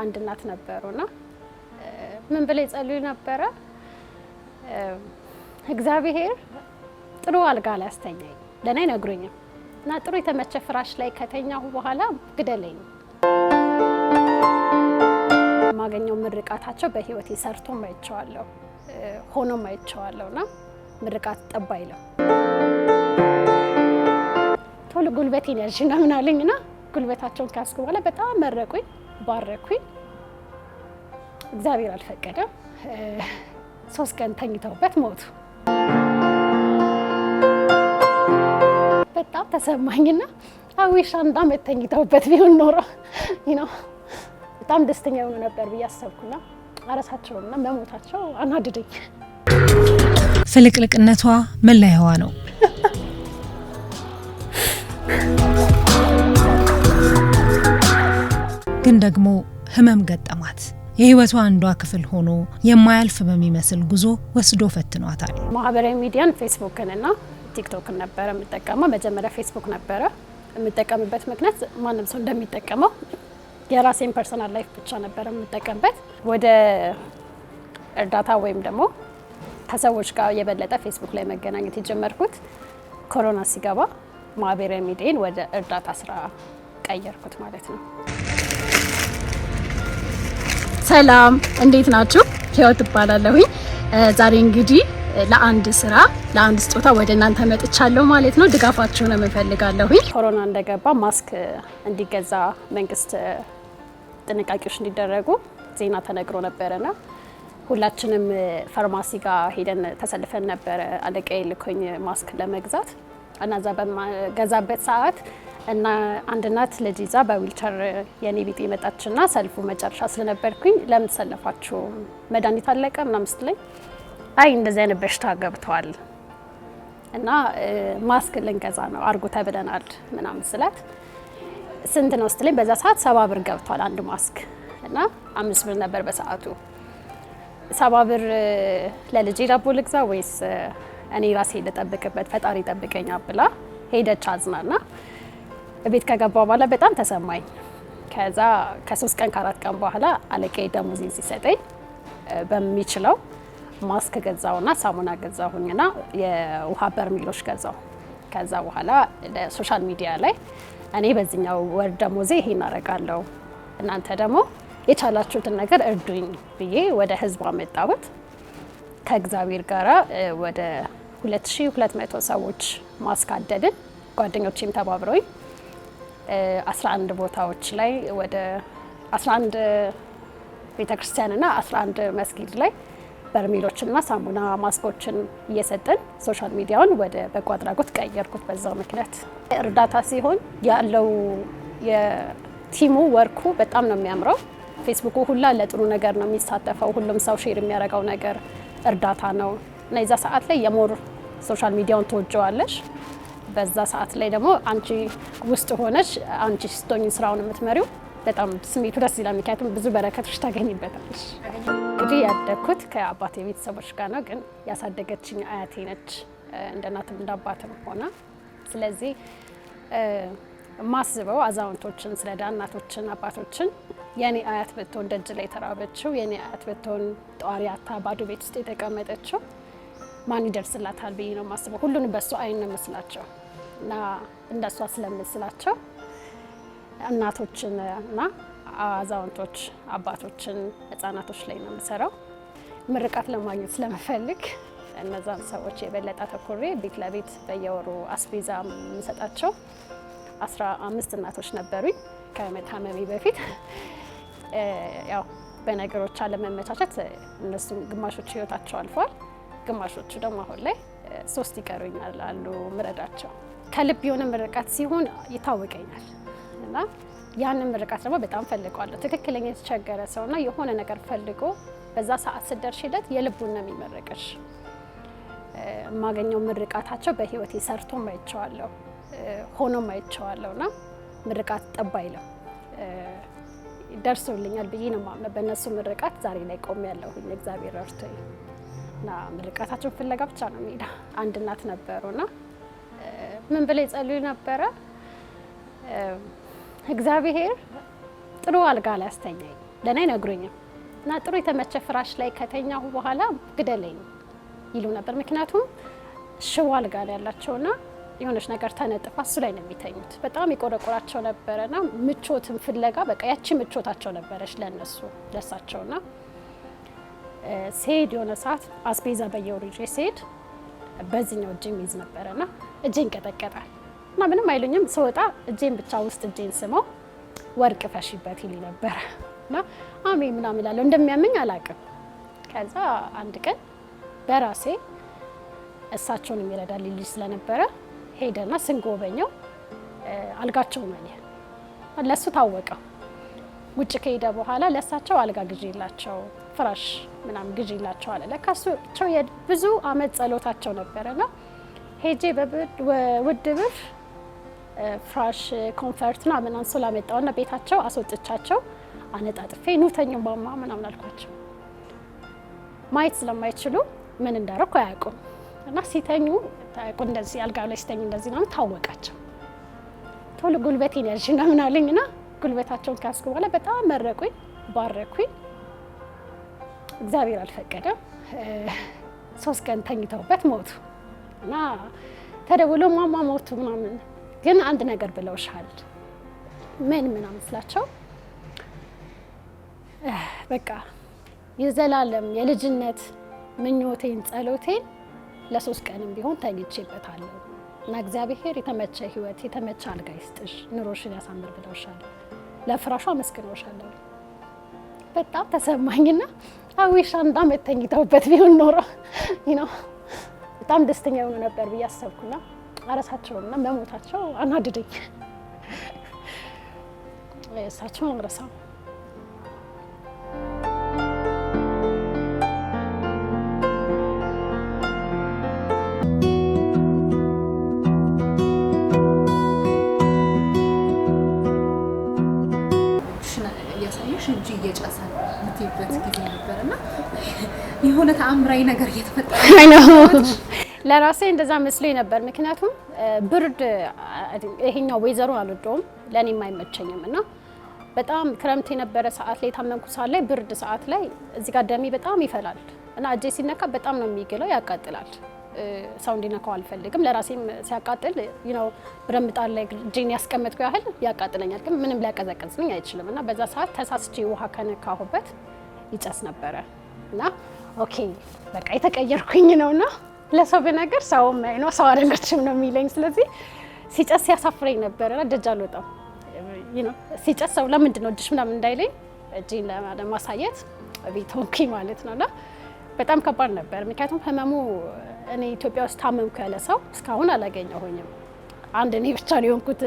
አንድ እናት ነበሩና ምን ብለው ይጸልዩ ነበረ? እግዚአብሔር ጥሩ አልጋ ላይ አስተኛኝ፣ ለእኔ አይነግሩኝም እና ጥሩ የተመቸ ፍራሽ ላይ ከተኛሁ በኋላ ግደለኝ። የማገኘው ምርቃታቸው በህይወት ሰርቶ አይቼዋለሁ፣ ሆኖ አይቼዋለሁ እና ምርቃት ጠባ ይለው ቶሎ ጉልበቴን ያዥ ምናምን አለኝ እና ጉልበታቸውን ካስኩ በኋላ በጣም መረቁኝ። ባረኩኝ። እግዚአብሔር አልፈቀደም። ሶስት ቀን ተኝተውበት ሞቱ። በጣም ተሰማኝና አዊሽ አንድ አመት ተኝተውበት ቢሆን ኖሮ ነው በጣም ደስተኛ የሆኑ ነበር ብዬ አሰብኩና አረሳቸውና መሞታቸው አናድደኝ። ፍልቅልቅነቷ መለያዋ ነው። ግን ደግሞ ህመም ገጠማት። የህይወቷ አንዷ ክፍል ሆኖ የማያልፍ በሚመስል ጉዞ ወስዶ ፈትኗታል። ማህበራዊ ሚዲያን ፌስቡክንና ቲክቶክን ነበረ የምጠቀመው። መጀመሪያ ፌስቡክ ነበረ የምጠቀምበት ምክንያት ማንም ሰው እንደሚጠቀመው የራሴን ፐርሰናል ላይፍ ብቻ ነበረ የምጠቀምበት። ወደ እርዳታ ወይም ደግሞ ከሰዎች ጋር የበለጠ ፌስቡክ ላይ መገናኘት የጀመርኩት ኮሮና ሲገባ ማህበራዊ ሚዲያን ወደ እርዳታ ስራ ቀየርኩት ማለት ነው። ሰላም እንዴት ናችሁ? ህይወት እባላለሁኝ። ዛሬ እንግዲህ ለአንድ ስራ ለአንድ ስጦታ ወደ እናንተ መጥቻለሁ ማለት ነው። ድጋፋችሁን እፈልጋለሁኝ። ኮሮና እንደገባ ማስክ እንዲገዛ መንግስት ጥንቃቄዎች እንዲደረጉ ዜና ተነግሮ ነበረና ሁላችንም ፋርማሲ ጋር ሄደን ተሰልፈን ነበረ። አለቃዬ ልኮኝ ማስክ ለመግዛት እና እዛ ሰዓት እና አንድ እናት ልጅ ይዛ በዊልቸር የኔ ቢጤ መጣችና ሰልፉ መጨረሻ ስለነበርኩኝ ለምን ተሰለፋችሁ መድኃኒት አለቀ ምናምን ስትለኝ አይ እንደዚህ አይነት በሽታ ገብተዋል እና ማስክ ልንገዛ ነው አርጎ ተብለናል ምናምን ስላት ስንት ነው ስትለኝ በዛ ሰዓት ሰባ ብር ገብቷል አንድ ማስክ እና አምስት ብር ነበር በሰዓቱ ሰባ ብር ለልጄ ዳቦ ልግዛ ወይስ እኔ ራሴ ልጠብቅበት ፈጣሪ ጠብቀኛ ብላ ሄደች አዝናና ቤት ከገባ በኋላ በጣም ተሰማኝ። ከዛ ከሶስት ቀን ከአራት ቀን በኋላ አለቀ ደሞዜን ሲሰጠኝ በሚችለው ማስክ ገዛውና ሳሙና ገዛሁኝና የውሃ በርሜሎች ገዛው። ከዛ በኋላ ሶሻል ሚዲያ ላይ እኔ በዚህኛው ወር ደሞዜ ይሄን አደርጋለሁ እናንተ ደግሞ የቻላችሁትን ነገር እርዱኝ ብዬ ወደ ህዝቡ አመጣሁት። ከእግዚአብሔር ጋር ወደ 2200 ሰዎች ማስክ አደልን። ጓደኞቼም ተባብረውኝ 11 ቦታዎች ላይ ወደ 11 ቤተክርስቲያንና 11 መስጊድ ላይ በርሜሎችና ሳሙና ማስኮችን እየሰጠን ሶሻል ሚዲያውን ወደ በጎ አድራጎት ቀየርኩት። በዛው ምክንያት እርዳታ ሲሆን ያለው የቲሙ ወርኩ በጣም ነው የሚያምረው። ፌስቡኩ ሁላ ለጥሩ ነገር ነው የሚሳተፈው። ሁሉም ሰው ሼር የሚያደርገው ነገር እርዳታ ነው እና የዛ ሰዓት ላይ የሞር ሶሻል ሚዲያውን ትወጀዋለሽ። በዛ ሰዓት ላይ ደግሞ አንቺ ውስጥ ሆነች አንቺ ስቶኝ ስራውን የምትመሪው በጣም ስሜቱ ደስ ይላል። ምክንያቱም ብዙ በረከቶች ታገኝበታለች። እንግዲህ ያደግኩት ከአባቴ ቤተሰቦች ጋር ነው፣ ግን ያሳደገችኝ አያቴ ነች እንደ እናትም እንደ ሆና። ስለዚህ ማስበው አዛውንቶችን ስለዳ እናቶችን፣ አባቶችን የኔ አያት ብትሆን ደጅ ላይ የተራበችው የኔ አያት ብትሆን ጧሪ አታ ባዶ ቤት ውስጥ የተቀመጠችው ማን ይደርስላታል ብዬ ነው የማስበው። ሁሉንም በእሱ አይን ነው መስላቸው እና እንደሷ ስለምስላቸው እናቶችን እና አዛውንቶች፣ አባቶችን፣ ህጻናቶች ላይ ነው የምሰራው። ምርቃት ለማግኘት ስለምፈልግ እነዛን ሰዎች የበለጠ ተኩሬ ቤት ለቤት በየወሩ አስቤዛ የምሰጣቸው አስራ አምስት እናቶች ነበሩኝ ከመታመሜ በፊት ያው በነገሮች አለመመቻቸት እነሱም ግማሾች ህይወታቸው አልፏል። ግማሾቹ ደግሞ አሁን ላይ ሶስት ይቀሩኛል አሉ ምረዳቸው ከልብ የሆነ ምርቃት ሲሆን ይታወቀኛል እና ያንን ምርቃት ደግሞ በጣም ፈልገዋለሁ። ትክክለኛ የተቸገረ ሰውና የሆነ ነገር ፈልጎ በዛ ሰዓት ስደርሽለት የልቡን ነው የሚመረቅሽ። የማገኘው ምርቃታቸው በህይወቴ ሰርቶ ማይቸዋለሁ ሆኖ ማይቸዋለሁ እና ምርቃት ጠባይ ይለው ደርሶልኛል ብዬ ነው ማምነ በእነሱ ምርቃት ዛሬ ላይ ያለሁኝ እግዚአብሔር ረድቶኝ እና ምርቃታቸውን ፍለጋ ብቻ ነው ሜዳ። አንድ እናት ነበሩና ምን ብለው ይጸልዩ ነበረ? እግዚአብሔር ጥሩ አልጋ ላይ አስተኛኝ፣ ለእኔ አይነግሩኝም እና ጥሩ የተመቸ ፍራሽ ላይ ከተኛሁ በኋላ ግደለኝ ይሉ ነበር። ምክንያቱም ሽቦ አልጋ ላይ ያላቸውና የሆነች ነገር ተነጥፋ እሱ ላይ ነው የሚተኙት። በጣም የቆረቆራቸው ነበረና ምቾትን ፍለጋ በቃ ያቺ ምቾታቸው ነበረች ለእነሱ ለእሳቸውና ሴድ የሆነ ሰዓት አስቤዛ በየወሩ ይዤ ስሄድ በዚህኛው እጄ የሚይዝ ነበረና እጄ ይንቀጠቀጣል እና ምንም አይሉኝም። ስወጣ እጄን ብቻ ውስጥ እጄን ስመው ወርቅ ፈሺበት ይል ነበረ እና አሜ ምናምን እላለሁ እንደሚያመኝ አላውቅም። ከዛ አንድ ቀን በራሴ እሳቸውን የሚረዳል ልጅ ስለነበረ ሄደና ስንጎበኘው አልጋቸው መን ለእሱ ታወቀው። ውጭ ከሄደ በኋላ ለእሳቸው አልጋ ግዢ የላቸው ፍራሽ ምናምን ግዢ ይላቸዋል። ለካ እሳቸው ብዙ አመት ጸሎታቸው ነበረ ነው ሄጄ ውድ ብር ፍራሽ ኮንፈርት ኮንፈርትና ምን አንሶላ መጣውና ቤታቸው አስወጥቻቸው አነጣጥፌ ኑተኝ ባማ ምናምን አልኳቸው። ማየት ስለማይችሉ ምን እንዳረኩ አያውቁም እና ሲተኙ ታያውቁ እንደዚህ አልጋ ላይ ሲተኙ እንደዚህ ነው ታወቃቸው። ቶሎ ጉልበቴን ያዥና ምናለኝና ጉልበታቸውን ካስኩ በኋላ በጣም መረቁኝ፣ ባረኩኝ። እግዚአብሔር አልፈቀደም። ሶስት ቀን ተኝተውበት ሞቱ እና ተደውሎ ማማ ሞቱ ምናምን፣ ግን አንድ ነገር ብለውሻል። ምን ምን አመስላቸው? በቃ የዘላለም የልጅነት ምኞቴን ጸሎቴን ለሶስት ቀንም ቢሆን ተኝቼበታለሁ እና እግዚአብሔር የተመቸ ህይወት የተመቸ አልጋ ይስጥሽ፣ ኑሮሽን ያሳምር ብለውሻል። ለፍራሹ አመስግኖሻለሁ። በጣም ተሰማኝና አዊሽ አንድ አመት ተኝተውበት ቢሆን ኖሮ ነው በጣም ደስተኛ የሆኑ ነበር ብዬ አሰብኩና አረሳቸውና መሞታቸው አናድደኝ። እሳቸው አንረሳው የሆነ ተአምራዊ ነገር እየተፈጠረ ለራሴ እንደዛ መስሎኝ ነበር። ምክንያቱም ብርድ ይሄኛው ወይዘሩን አልወደውም፣ ለእኔም አይመቸኝም እና በጣም ክረምት የነበረ ሰዓት ላይ የታመምኩ ሰዓት ላይ ብርድ ሰዓት ላይ እዚህ ጋር ደሜ በጣም ይፈላል እና እጄ ሲነካ በጣም ነው የሚገለው፣ ያቃጥላል። ሰው እንዲነካው አልፈልግም። ለራሴም ሲያቃጥል ነው ብረምጣል ላይ እጄን ያስቀመጥኩ ያህል ያቃጥለኛል፣ ግን ምንም ሊያቀዘቅዝልኝ አይችልም እና በዛ ሰዓት ተሳስቼ ውሃ ከነካሁበት ይጨስ ነበረ እና ኦኬ በቃ የተቀየርኩኝ ነውና ለሰው ብነገር ሰው አይኗ ሰው አይደለችም ነው የሚለኝ። ስለዚህ ሲጨስ ሲያሳፍረኝ ነበር እና ደጅ አልወጣም። ሲጨስ ሰው ለምንድን ነው እጅሽ ምናምን እንዳይለኝ እጄን ለማሳየት ቤት ሆንኩኝ ማለት ነው። እና በጣም ከባድ ነበር። ምክንያቱም ህመሙ እኔ ኢትዮጵያ ውስጥ ታመምኩ ያለ ሰው እስካሁን አላገኘሁኝም። አንድ እኔ ብቻ ነው የሆንኩት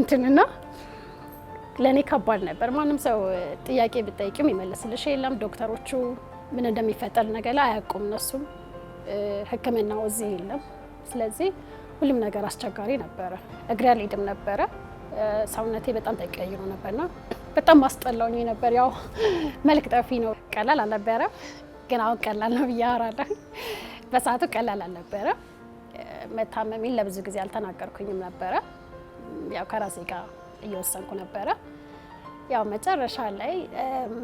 እንትንና ለእኔ ከባድ ነበር። ማንም ሰው ጥያቄ ብጠይቂም ይመለስልሽ የለም ዶክተሮቹ ምን እንደሚፈጠር ነገር ላይ አያውቁም። እነሱም ሕክምናው እዚህ የለም። ስለዚህ ሁሉም ነገር አስቸጋሪ ነበረ። እግሬ አልሄድም ነበረ። ሰውነቴ በጣም ተቀይሮ ነበርና በጣም አስጠላውኝ ነበር። ያው መልክ ጠፊ ነው። ቀላል አልነበረ፣ ግን አሁን ቀላል ነው ብዬ አወራለሁ። በሰዓቱ ቀላል አልነበረ። መታመሜን ለብዙ ጊዜ አልተናገርኩኝም ነበረ። ያው ከራሴ ጋር እየወሰንኩ ነበረ። ያው መጨረሻ ላይ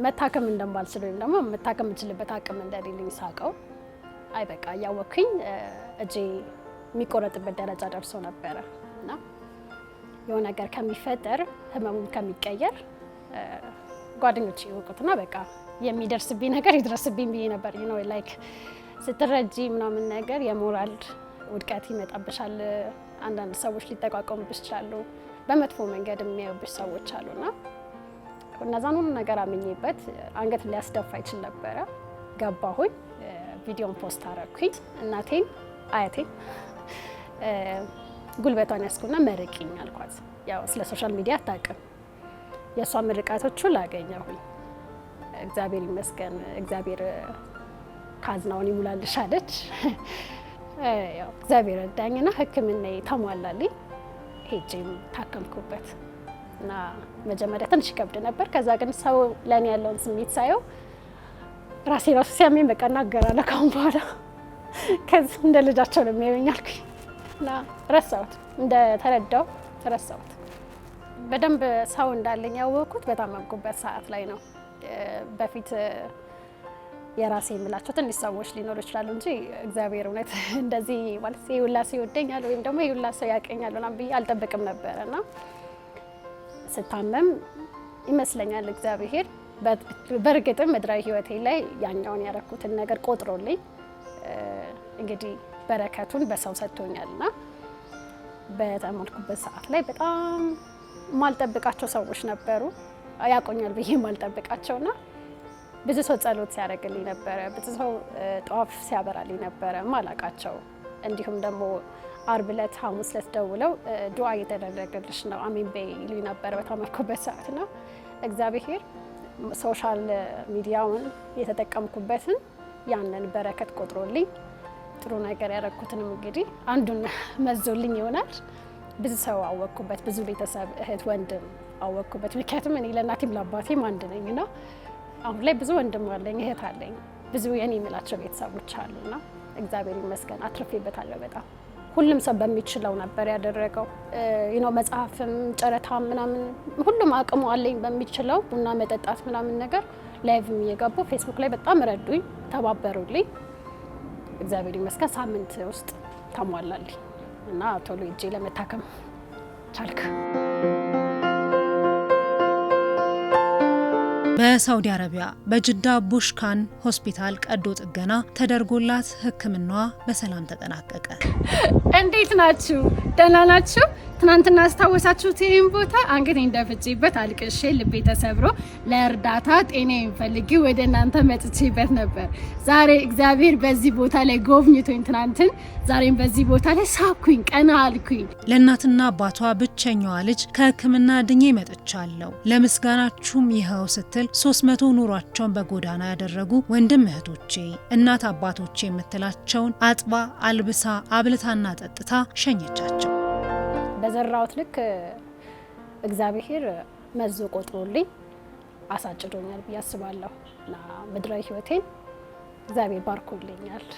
መታከም እንደማልችል ወይም ደግሞ መታከም የምችልበት አቅም እንደሌለኝ ሳቀው፣ አይ በቃ እያወቅኩኝ እጄ የሚቆረጥበት ደረጃ ደርሶ ነበረ እና የሆነ ነገር ከሚፈጠር ህመሙም ከሚቀየር ጓደኞች ይወቁትና በቃ የሚደርስብኝ ነገር ይድረስብኝ ብዬ ነበር። ነው ላይክ ስትረጂ ምናምን ነገር የሞራል ውድቀት ይመጣብሻል። አንዳንድ ሰዎች ሊጠቋቀሙብሽ ይችላሉ። በመጥፎ መንገድ የሚያዩብሽ ሰዎች አሉና እነዛን ሁሉ ነገር አምኜበት አንገት ሊያስደፋ ይችል ነበረ። ገባሁኝ፣ ቪዲዮን ፖስት አረኩኝ። እናቴን አያቴን ጉልበቷን ያስኩና መርቂኝ አልኳት። ያው ስለ ሶሻል ሚዲያ አታውቅም። የእሷ ምርቃቶቹ ላገኘሁኝ እግዚአብሔር ይመስገን፣ እግዚአብሔር ካዝናውን ይሙላልሽ አለች። እግዚአብሔር ረዳኝና ሕክምና ተሟላልኝ ሄጄም ታከምኩበት። እና መጀመሪያ ትንሽ ይከብድ ነበር። ከዛ ግን ሰው ለእኔ ያለውን ስሜት ሳየው ራሴ ራሱ ሲያሜን በቃ እናገራለሁ ካሁን በኋላ ከዚ እንደ ልጃቸው ነው የሚያዩኝ አልኩኝ እና ረሳሁት፣ ተረዳው ረሳሁት። በደንብ ሰው እንዳለኝ ያወቅኩት በጣም አጉበት ሰዓት ላይ ነው። በፊት የራሴ የምላቸው ትንሽ ሰዎች ሊኖሩ ይችላሉ እንጂ እግዚአብሔር እውነት እንደዚህ ማለት ይውላ ሰው ይወደኛል ወይም ደግሞ ይውላ ሰው ያቀኛል ብዬ አልጠብቅም ነበረ እና ስታመም ይመስለኛል እግዚአብሔር በእርግጥም ምድራዊ ህይወቴ ላይ ያኛውን ያረኩትን ነገር ቆጥሮልኝ እንግዲህ በረከቱን በሰው ሰጥቶኛልና በተሞልኩበት ሰዓት ላይ በጣም ማልጠብቃቸው ሰዎች ነበሩ ያቆኛል ብዬ ማልጠብቃቸውና ብዙ ሰው ጸሎት ሲያደርግልኝ ነበረ። ብዙ ሰው ጠዋፍ ሲያበራልኝ ነበረ ማላቃቸው እንዲሁም ደግሞ አርብ ዕለት ሐሙስ ዕለት ደውለው ዱዓ እየተደረገልሽ ነው አሜን በይ ይሉኝ ነበረ። ሰዓት ነው እግዚአብሔር ሶሻል ሚዲያውን የተጠቀምኩበትን ያንን በረከት ቆጥሮልኝ ጥሩ ነገር ያደረግኩትንም እንግዲህ አንዱን መዞልኝ ይሆናል። ብዙ ሰው አወቅኩበት፣ ብዙ ቤተሰብ እህት ወንድም አወቅኩበት። ምክንያቱም እኔ ለእናቴም ለአባቴም አንድ ነኝ ነው። አሁን ላይ ብዙ ወንድም አለኝ እህት አለኝ ብዙ የኔ የምላቸው ቤተሰቦች አሉና እግዚአብሔር ይመስገን አትርፌበታለሁ በጣም ሁሉም ሰው በሚችለው ነበር ያደረገው። ዩኖ መጽሐፍም፣ ጨረታ ምናምን ሁሉም አቅሙ አለኝ በሚችለው ቡና መጠጣት ምናምን ነገር ላይቭም እየገቡ ፌስቡክ ላይ በጣም ረዱኝ፣ ተባበሩልኝ። እግዚአብሔር ይመስገን ሳምንት ውስጥ ተሟላልኝ እና ቶሎ እጄ ለመታከም ቻልክ። በሳውዲ አረቢያ በጅዳ ቡሽካን ሆስፒታል ቀዶ ጥገና ተደርጎላት ሕክምናዋ በሰላም ተጠናቀቀ። እንዴት ናችሁ? ደህና ናችሁ? ትናንትና አስታወሳችሁት? ይህን ቦታ አንገቴን ደፍቼበት አልቅሼ ልቤ ተሰብሮ ለእርዳታ ጤና ፈልጌ ወደ እናንተ መጥቼበት ነበር። ዛሬ እግዚአብሔር በዚህ ቦታ ላይ ጎብኝቶኝ ትናንትን ዛሬም በዚህ ቦታ ላይ ሳኩኝ፣ ቀና አልኩኝ። ለእናትና አባቷ ብቸኛዋ ልጅ ከሕክምና ድኜ መጥቻለሁ ለምስጋናችሁም ይኸው ስትል 300 ኑሯቸውን በጎዳና ያደረጉ ወንድም እህቶቼ፣ እናት አባቶቼ የምትላቸውን አጥባ አልብሳ አብልታና ጠጥታ ሸኘቻቸው። በዘራሁት ልክ እግዚአብሔር መዞ ቆጥሮልኝ አሳጭዶኛል ብዬ አስባለሁ እና ምድራዊ ህይወቴን እግዚአብሔር ባርኮልኛል።